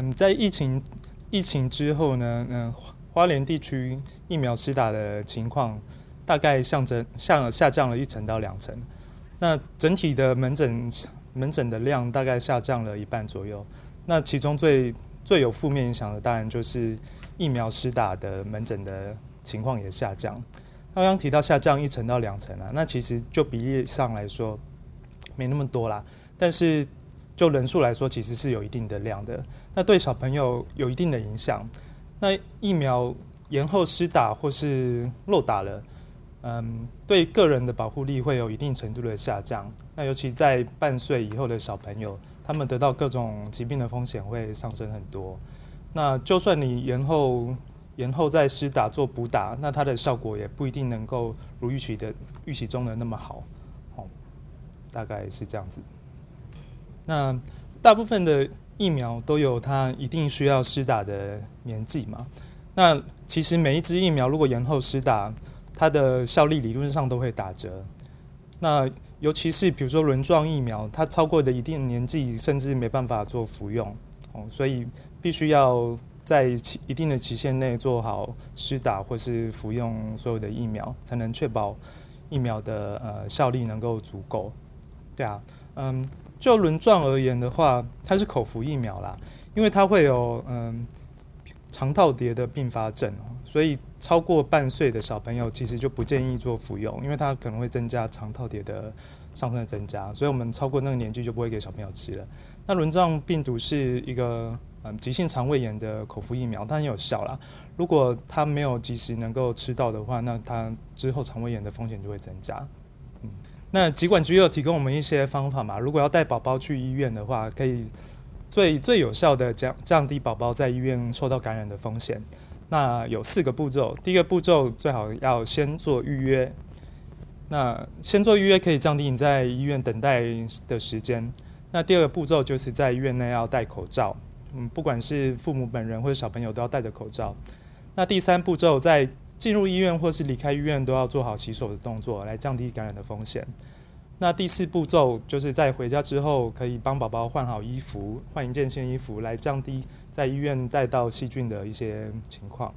嗯，在疫情疫情之後呢，嗯，花蓮地區疫苗施打的情況大概象徵下下降了一成到兩成。那整體的門診門診的量大概下降了一半左右。那其中最最有負面影響的當然就是疫苗施打的門診的情況也下降。剛剛提到下降一成到兩成啊，那其實就比例上來說沒那麼多啦，但是。就人數來說，其實是有一定的量的。那對小朋友有一定的影響。那疫苗延後施打或是漏打了，嗯，對個人的保護力會有一定程度的下降。那尤其在半歲以後的小朋友，他們得到各種疾病的風險會上升很多。那就算你延後延後再施打做補打，那它的效果也不一定能夠如預期的預期中的那麼好。哦，大概是這樣子。那大部分的疫苗都有它一定需要施打的年紀嘛。那其實每一支疫苗如果延後施打，它的效力理論上都會打折。那尤其是比如說輪狀疫苗，它超過的一定年紀，甚至沒辦法做服用哦，所以必須要在期一定的期限內做好施打或是服用所有的疫苗，才能確保疫苗的呃效力能夠足夠。對啊，嗯。就輪狀而言的話，它是口服疫苗啦，因為它會有嗯腸套疊的併發症，所以超過半歲的小朋友其實就不建議做服用，因為它可能會增加腸套疊的上升的增加，所以我們超過那個年紀就不會給小朋友吃了。那輪狀病毒是一個嗯急性腸胃炎的口服疫苗，它很有效啦。如果他沒有及時能夠吃到的話，那他之後腸胃炎的風險就會增加。嗯。那疾管局有提供我們一些方法嘛。如果要帶寶寶去醫院的話，可以最最有效的降降低寶寶在醫院受到感染的風險。那有四個步驟，第一個步驟最好要先做預約。那先做預約可以降低你在醫院等待的時間。那第二個步驟就是在醫院內要戴口罩，嗯，不管是父母本人或者小朋友都要戴着口罩。那第三步驟在進入醫院或是離開醫院都要做好洗手的動作，來降低感染的風險。那第四步驟就是在回家之後，可以幫寶寶換好衣服，換一件新衣服，來降低在醫院帶到細菌的一些情況。